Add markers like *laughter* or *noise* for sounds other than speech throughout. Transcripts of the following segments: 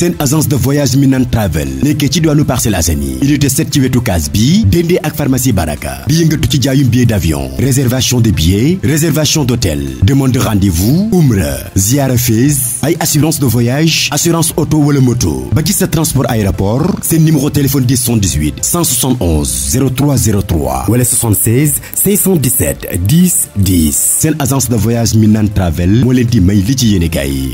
seen agence de voyage Minan Travel nekkee ci diwaanu Parcelles Assainies unité 7 ci wetu kaas bi dendee ak pharmacie Baraka bi yëngatu ci jaayum billet d'avion réservation de billets réservation d'hôtel demande de rendez-vous umra ziara Fès ay assurance de voyage assurance auto wala moto ba ci sa transport aéroport seen numéro téléphone di 78 171 0303 wala 76 517 10 10 seen agence de voyage Minan Travel moo leen di may li ci yéene kaay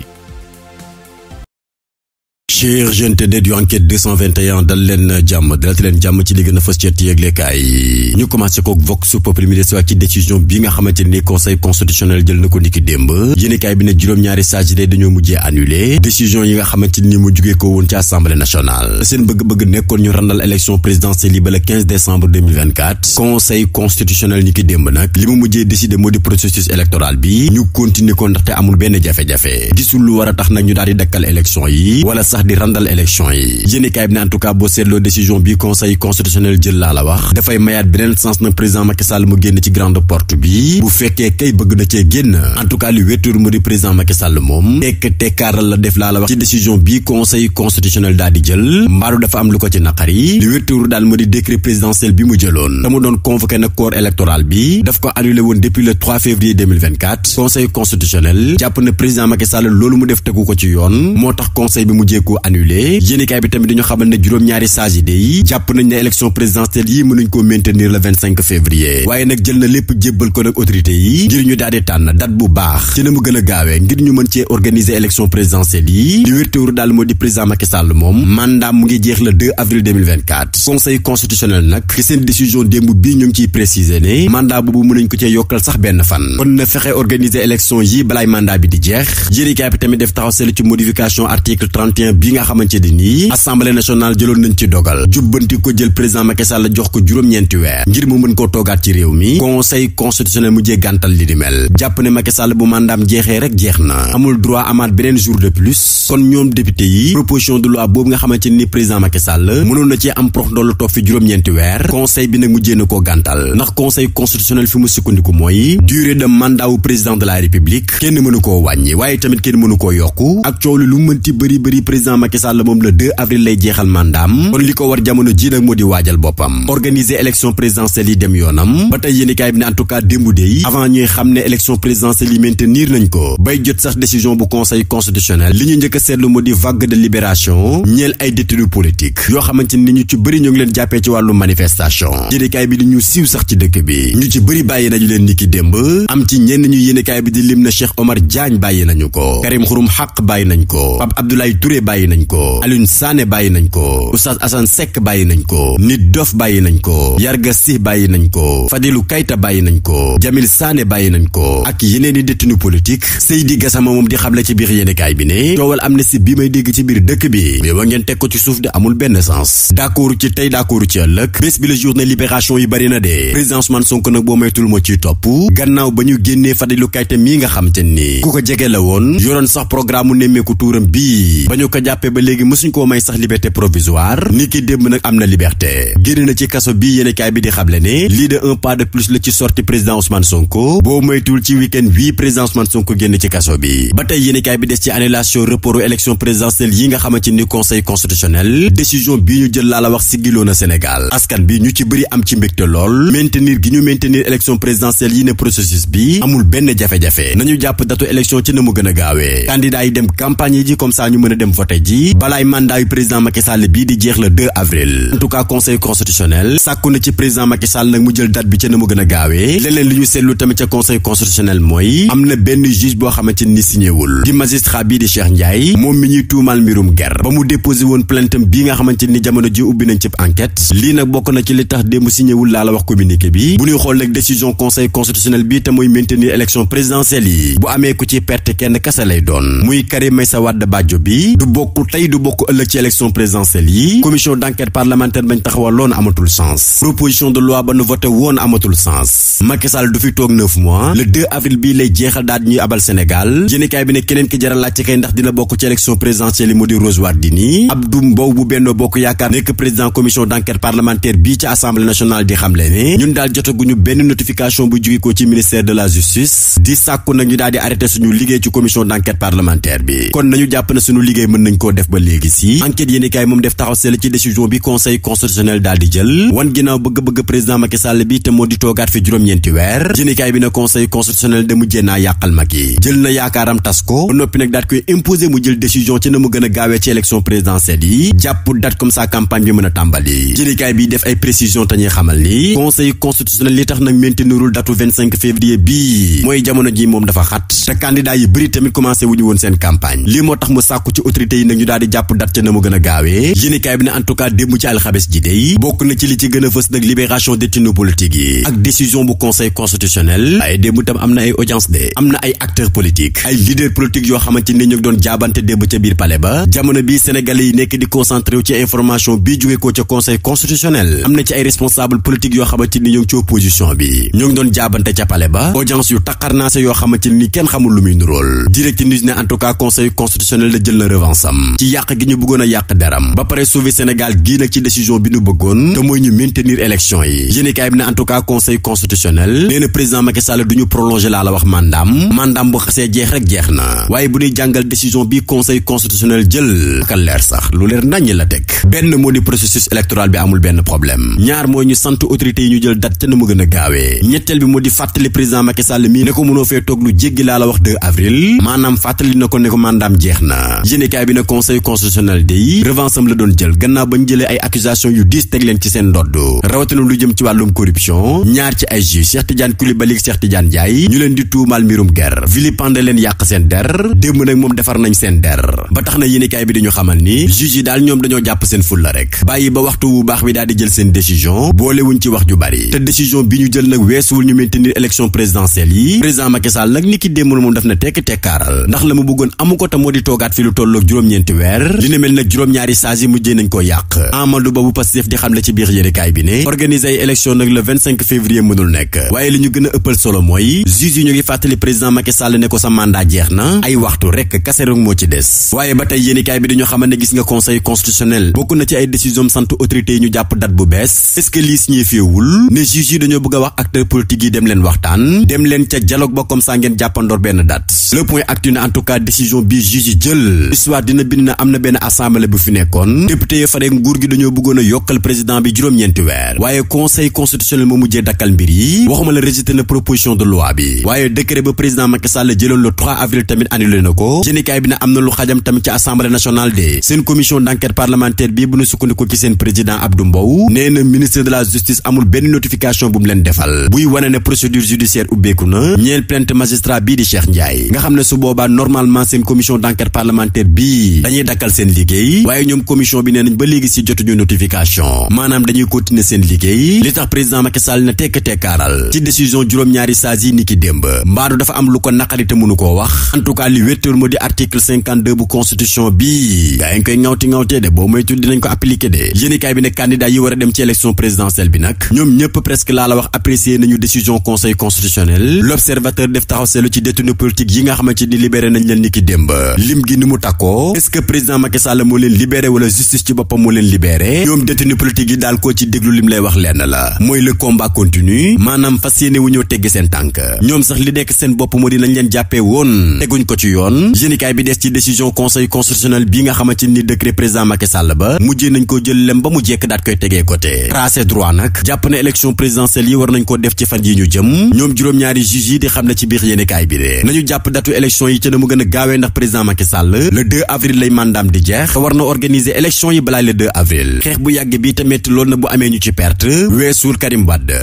ci RGNTD du enquête 221 dal leen jàmm dalati leen jàmm ci li gën a fës ci yëglekaay yi ñu commencé ko vox populi mi des waat ci décision bi nga xamante ni conseil constitutionnel jël na ko niki démb yéenekaay bi ne juróom-ñaari sages dañoo mujjee annulé décision yi nga xamante ni mu jugee ko woon ci assemblée nationale seen bëgg-bëgg nekkoon ñu randal élection présidentielle yi ba décembre conseil constitutionnel niki démb nag li mu mujjee décidé benn jafe tax nag ñu daal di dakkal élection yi wala sax di randal élection yi yéenekaay bi ne en boo seetloo décision bi conseil constitutionnel jël laa la wax dafay mayaat beneen sens na président Macky moom tekk tekkaaral la def laa la wax ci décision bi conseil constitutionnel daal di jël mbaaru dafa am lu ko ci naqari li wéttur daal mu di décret présidentiel bi mu jëloon te doon convoqué na corps électoral bi daf ko annulé woon depuis le février conseil constitutionnel jàpp na président ko annulé yéenekaay bi tamit dañu xamal ne juróom-ñaari sages yi day jàpp nañ ne élection présidentielle yi mënuñ ko maintenir le 25 février waaye nag jël na lépp jébbal ko nag autorité yi ngir ñu daal tànn date bu baax ci na mu gën a gaawee ngir ñu mën cee organiser élection présidentielle yi li wér te wóor moo di président Macky moom mandat mu ngi jeex le avril 2024 conseil constitutionnel nag ci seen décision démb bii ñu ngi ciy ne mandat boobu mënuñ bi nga xamante ni nii assemblée nationale jëloon nañ ci dogal jubbanti ko jël président Macky Sall jox ko juróom-ñeenti weer ngir mu mën koo toogaat ci réew mi conseil constitutionnel mujjee gàntal di mel jàpp ne Macky bu mandaam jeexee rek jeex na amul droit amaat beneen jour de plus kon ñoom député yi proposition de loi boobu nga xamante ni président Macky Sall ci am prox ndoolu toog fi juróom-ñeenti weer conseil bi nag mujjee na koo gàntal ndax conseil constitutionnel fi mu sukkandiku mooy durée de mandat président de la république kenn mënu koo wàññi waaye tamit kenn mënu koo yokku président Macky moom le avril lay jeexal mandaam kon li ko war jamono ji nag moo di waajal boppam organiser élection présidentielle yi dem yoonam ba tey yéenikaay bi ne en tout cas avant ñuy xam ne élection présidentielle yi maintenir nañ ko bay jot sax décision bu conseil constitutionnel li ñu njëkk a seetlu moo di vague de libération ñeel ay détenus politiques yoo xamante ni ñu ci bëri ñu leen jàppee ci wàllu manifestation yéenikaay bi di ñu bàyyi nañ ko Alioune Sané bàyyi nañ ko Oustaz Assane Seck bàyyi nañ ko Nit Dof bàyyi nañ ko Yarga Si bàyyi nañ ko Fadilou Keita bàyyi nañ ko Jamil Sané bàyyi nañ ko ak yeneen i détenu politique Seydi Gassama moom di xamle ci biir yéenekaay bi ne coowal amnistie bi may dégg ci biir dëkk bi mais wa ngeen teg ko ci suuf de amul benn sens d'accord ci tey d'accord ci ëllëg bés bi la journée libération yi bari na de président Ousmane Sonko nag boo maytul moo ciy topp gannaaw ba ñu génnee Fadilou Keita mii nga xam te ni ku ko jege la woon yoroon sax programme nemmeeku tuuram bii jàppee ba léegi mësuñ koo may sax liberté provisoire ni ki démb nag am na liberté génn na ci kaso bi yéenekaay bi di xamle ne lii de un pas de plus la ci sorti président Ousmane Sonko boo moytuwul ci week-end bii président Ousmane Sonko génn ci kaso bi ba tey yéenekaay bi des ci annulation reportu élection présidentielle yi nga xamante ni conseil constitutionnel décision bii ñu jël laa la wax siggiloo na Sénégal askan bi ñu ci bëri am ci mbégte lool maintenir gi ñu maintenir élection présidentielle yi ne processus bi amul benn jafe-jafe nañu jàpp datu élection ci na mu gën a gaawee candidat yi dem campagne yi ji comme ça ñu mën a dem voter ji balaay mandat yu président Macky Sall bii di jeex le 2 avril en tout cas conseil constitutionnel sàkku na ci président Macky nag mu jël date bi ca na mu gën gaawee leneen li ñu seetlu tamit ca conseil constitutionnel mooy am na benn juge boo xamante ni signéwul di magistrat bii di Cheikh Ndiaye moom mi ñuy tuumaal mbirum ger ba mu déposé woon plaintam bii nga xamante ni jamono ji ubbi nañ ci enquête lii nag bokk na ci li tax démb signéwul laa la wax communiqué bi bu ñuy xool nag décision conseil constitutionnel bii te mooy maintenir élection présidentielle yi bu amee ku ci perte kenn kasa lay doon muy Karim Meïssa Wade Badjo bokk tey du bokk ëllëg ci élection présidentielle yi commission d'enquête parlementaire bañ taxawaloon amatul sens proposition de loi ba nu voté woon amatul sens Macky du fi toog neuf mois le avril bii lay jeexal daal ñuy abal Sénégal yéenekaay bi ne keneen ki jaral laajte kay ndax dina bokk ci élection présidentielle yi mu di Rose Wardini Abdou Mbow bu Benno Bokk Yaakaar nekk président commission d'enquête parlementaire bi kon nañu koo def ba léegi si enquête yéenekaay moom def taxaw sell ci décision bi conseil constitutionnel daal jël wan ginnaaw bëgg-bëgg président Macky Sall bi te moo di toogaat fi juróom-ñeenti weer yéenekaay bi na conseil constitutionnel de mujjee naa yàqal Macky jël na yaakaaram tas ko ba noppi nag daat koy imposer mu jël décision ci na mu gën gaawee ci élection présidentielle yi jàpp date comme ça campagne bi mën a tàmbali yéenekaay bi def ay précision te nag ñu daal jàpp dat na mu gën a gaawee yéenekaay bi ne en démb ci alxames ji dey bokk na ci li ci gën fës nag libération détenu politique yi ak décision bu conseil constitutionnel ay démb tam am na ay audience de ay acteurs politiques ay leaders politiques yoo xamante ni doon jaabante démb ca biir palais ba jamono bi sénégalais yi nekk di concentré ci information bii jóge ca conseil constitutionnel am na ci ay responsable politique yoo xamante ci ne en tout deram ci yàq gi ñu bëggoon a yàq deram ba pare sauver Sénégal gii nag ci décision bi nu bëggoon te mooy ñu maintenir élection yi yéenekaay bi ne en tout cas conseil constitutionnel nee na président Macky Sall du ñu prolonger laa la wax mandaam mandaam bu xasee jeex rek jeex na waaye bu ñuy jàngal décision bi conseil constitutionnel jël aka leer sax lu leer naññ la teg benn moo di processus électoral bi amul benn problème ñaar mooy ñu sant autorité yi ñu jël date te na mu gën a bi moo di fàttali président Macky Sall mii ne ko mënoo fee toog lu jéggi laa la wax 2 avril maanaam fàttali na ko ne ko mandaam jeex na yéenekaay bi conseil constitutionnel day revanche am la doon jël gannaaw ba ñu jëlee ay accusation yu diis teg leen ci seen ndodd rawatina lu jëm ci wàllum corruption ñaar ci ay juge Cheikh Tidiane Coulibaly ak Cheikh Tidiane ñu leen di tuumaal mbirum ger vilipande leen yàq seen der démb nag moom defar nañ seen der ba tax na yéenekaay bi dañu xamal ni juge yi daal ñoom dañoo jàpp seen fulla rek bàyyi ba waxtu bu baax bi daal jël seen décision boolewuñ ci wax ñeenti li ne mel nag juróom-ñaari sages yi nañ ko yàq Amadou Ba bu Pastef di xam ci biir yéenekaay bi ne organiser ay nag le février mënul nekk waaye li ñu gën ëppal solo mooy juge yi ñu ngi fàttali président Macky ne ko sa mandat jeex na ay waxtu rekk kaserog moo ci des waaye ba tey yéenekaay bi dañu xamal gis nga conseil constitutionnel bokk na ci ay décision sant autorité yi ñu jàpp date bu bees est-ce ne juge yi dañoo bind na am na benn assemblée bu fi nekkoon député ya nguur gi dañoo bëggoon a yokkal président bi juróom-ñeenti weer waaye conseil constitutionnel moo mujjee dakkal mbir yi waxuma la rejeté na proposition de loi bi waaye décret ba président Macky Sall jëloon le 3 avril tamit annulé na ko jënikaay bi na am na lu xajam tamit ci assemblée nationale de seen commission d'enquête parlementaire bi bu ñu sukkandiku ci seen président Abdou Mbow nee na ministre de la justice amul ne procédure judiciaire ubbeeku na ñeel plainte dañuy dakkal seen liggéey waaye ñoom commission bi nee nañ ba léegi si jotuñu notification maanaam dañuy continuer seen liggéey li tax président Macky Sall na tekk tekkaaral ci décision juróom-ñaari sages yi niki démb mbaadu dafa am lu ko naqari te mënu koo wax en tout cas li wéttéer moo di article bu constitution bi gaa yi koy ŋawti ŋawtee de boo moytu dinañ ko appliqué de yéenekaay bi ne candidat yi war a dem ci élection présidentielle bi nag ñoom ñëpp presque laa la wax apprécié nañu décision conseil constitutionnel l'observateur def taxaw seetlu ci détenu yi nga xamante ni libéré nañ leen niki démb lim gi ni mu takkoo est-ce que président Macky Sall moo leen libéré wala justice ci boppam moo leen libéré ñoom détenu politique yi daal koo ci déglu lim lay wax lenn la mooy le combat continue maanaam fas yéene wu ñëw teggi seen tànk ñoom sax li nekk seen bopp moo di nañ leen jàppee woon teguñ ko ci yoon génikaay bi des ci décision conseil constitutionnel bi nga xamante ni décret président Macky Sall ba mujjee nañ ko jël lem ba mu jekk daat koy tegee côté tracé droit nag jàpp na élection présidentielle yi war nañ ko def ci fan yi ñu jëm ñoom juróom-ñaari juge yi di xam ne ci biir yéenekaay bi de nañu jàpp yi ca na a gaawee ndax avril lay mandaam di jeex war na organiser élection yi balaa le 2 avril xeex bu yàgg bi tamit loolu na bu amee ñu ci perte weesuul Karim Wade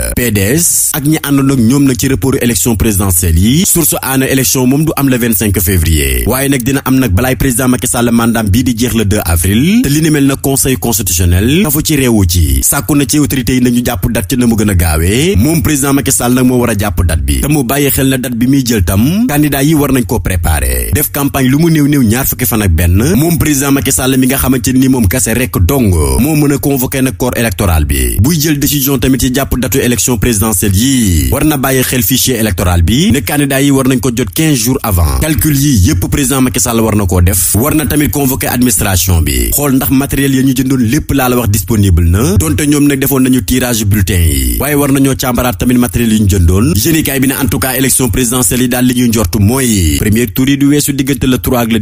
ak ñi àndoon ak ñoom nag ci report élection présidentielle yi source aana élection moom du am le 25 février waaye nag dina am nag balaay président Macky Sall mandaam bii di jeex le 2 avril te li ni mel na conseil constitutionnel dafa ci réewu ci sàkku na ci autorités yi nañu jàpp dat ci na mu gën a gaawee moom président Macky Sall nag moo a jàpp dat bi te bàyyi xel na bi muy jël tam candidat yi war nañ koo lu mu néew néew ñaar fukki fan ak benn benn moom président Macky Sall mi nga xamante ni moom kase rek dong moo mën a convoqué nag corps électoral bi buy jël décision tamit ci jàpp datu élection présidentielle yi war na bàyyi xel fichier électoral bi ne candidat yi war nañ ko jot 15 jours avant calcul yi yépp président Macky Sall war na ko def war na tamit convoqué administration bi xool ndax matériel ya ñu jëndoon lépp laa la wax disponible na donte ñoom nag defoon nañu tirage bulletin yi waaye war nañoo càmbaraat tamit matériel yi ñu jëndoon yéenekaay bi ne en tout cas élection présidentielle yi daal li weesu diggante le 3 ak le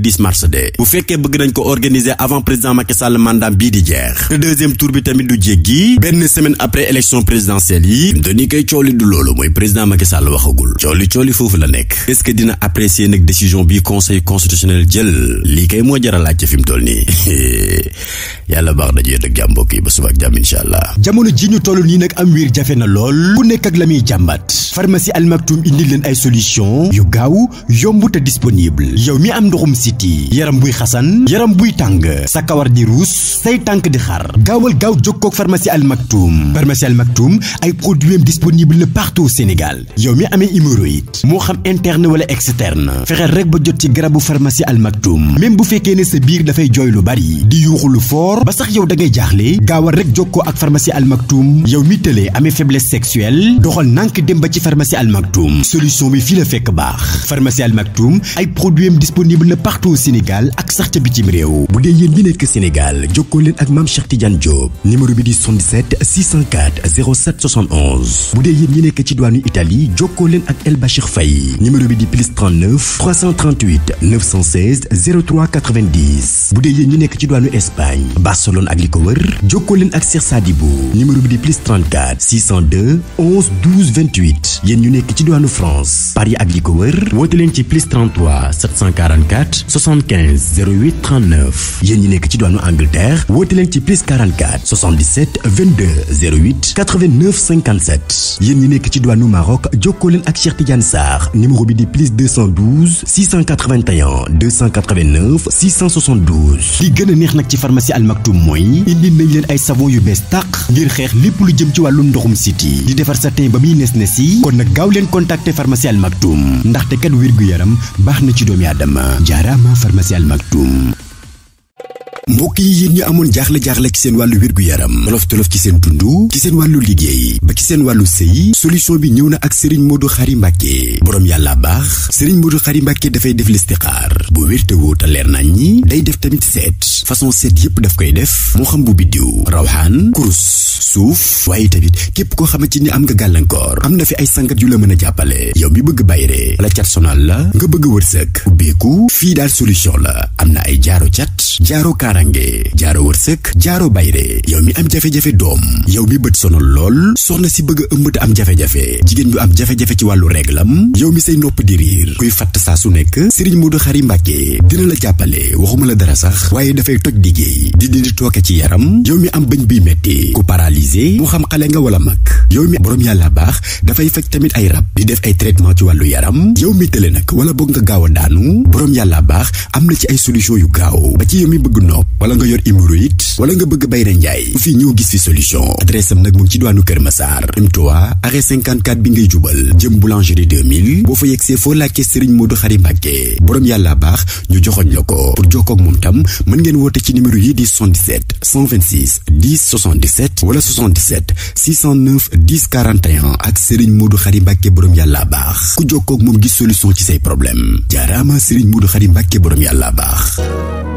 fekkee bëgg nañ ko organiser avant président Macky Sall mandat bii di jeex te deuxième tour bi tamit du jéggi benn semaine après élection présidentielle yi dañu koy cooli du loolu mooy président Macky Sall waxagul cooli cooli foofu la nekk est-ce que dina apprécier nag décision bi conseil constitutionnel jël lii kay moo jar a laaj ci fi mu toll nii *laughs* yàlla baax na jee dëgg yi suba ak jàmm incha allah jamono ji ñu toll nii nag am wiir jafe na lool ku nekk ak la muy jàmbat pharmacie almaktum indi leen ay solution yu gaaw yomb te disponible yow mi am ndoxum siti yaram buy xasan yaram buy tàng sa kawar di ruus say tànk di xar gaawal gaaw jokkoog pharmacie almaktum pharmacie almaktum ay produit am disponible na partout Sénégal yow mi amee hémorroïde moo xam interne wala externe fexeel rek ba jot ci garabu pharmacie almaktum même bu fekkee ne sa biir dafay jooy lu bari di yuuxu lu fort ba sax yow da jaaxle gaawal rek jokkoo ak pharmacie Al Maktoum yow mi tëlee amee faiblesse sexuelle doxal nànk dem ba ci pharmacie Al solution bi fii la fekk baax pharmacie Al ay produits disponible na partout Sénégal ak sax ca bitim réew bu dee yéen ñi nekk Sénégal jokkoo leen ak maam Cheikh Tidiane Diop numéro bi di 77 604 07 71 bu dee yéen ñi nekk ci diwaanu Italie jokkoo leen ak El Bachir Faye numéro bi di plus bu dee yéen ñi nekk ci diwaanu Espagne Barcelone ak li jokkoo leen ak Cheikh Sadibou numéro bi di plus 34 602 ñu nekk ci diwaanu France Paris ak li ko wër woote leen ci plus 33 744 75 08 39 yéen ñu nekk ci diwaanu Angleterre woote leen ci plus 44 77 22 08 89 57 yéen ñu nekk ci diwaanu Maroc jokkoo leen ak Cheikh Tidiane Sarr numéro bi di plus 212 681 289 672 li gën a neex nag ci pharmacie Al Maktoum mooy indi nañ leen savon yu bees tàq ngir xeex lépp lu jëm ci wàllum ndoxum siti di defar sa teen ba muy nes nes yi kon nag gaaw leen contacter pharmacie Al Maktoum ndaxte kat wér gu yaram baax na ci doomi aadama jaaraama pharmacie Al Maktoum mbokk yi yéen ñu amoon jaaxle-jaaxle ci seen wàllu wér-gu-yaram tolof-tolof ci seen dund ci seen wàllu liggéey ba ci seen wàllu sëy solution bi ñëw na ak sëriñ Serigne Modou Khary Mbacké boroom yàlla baax Serigne Modou Khary Mbacké dafay def listixaar bu wér te wóor te leer nañ ñi day def tamit seet façon seet yépp daf koy def moo xam bu biddiw rawxaan kurus suuf waaye tamit képp koo xamante ni am nga gàllankoor am na fi ay sangat yu la mën a jàppale yow bi bëgg bayre la cat la nga bëgg wërsëg ubbeeku fii daal solution la am na ay jaaro cat jaaro kaarange jaaro wërsëg jaaro bayre yow mi am jafe-jafe doom yow mi bët sonal lool soxna si bëgg a ëmb te am jafe-jafe jigéen bi am jafe-jafe ci wàllu réglam yow mi say nopp di riir kuy fatt saa su nekk Serigne Modou Khary Mbacké dina la jàppale waxuma la dara sax waaye dafay toj liggéey di di tooke ci yaram yow mi am bëñ bi metti ku paralysé mu xam xale nga wala mag yow mi boroom yàlla baax dafay faj tamit ay rab di def ay traitement ci wàllu yaram yow mi tële nag wala boog nga gaaw a solution yu gaaw nga yor hémorroïde wala nga bëgg bayre njaay fii ñëw gis fi solution adresse am nag mu ngi ci diwaanu Kër boo fa yegsee foo laajte Serigne Modou Khary Mbacké boroom ko pour jokkoo ak moom tam mën ci numéro yi di 77 126 10 77 wala 77 609 10 41 ak Serigne Modou Khary Mbacké boroom yàlla baax ku jokkoo ak moom gis solution ci say problème jaaraama Serigne Modou Khary Mbacké boroom yàlla baax Goedemiddag.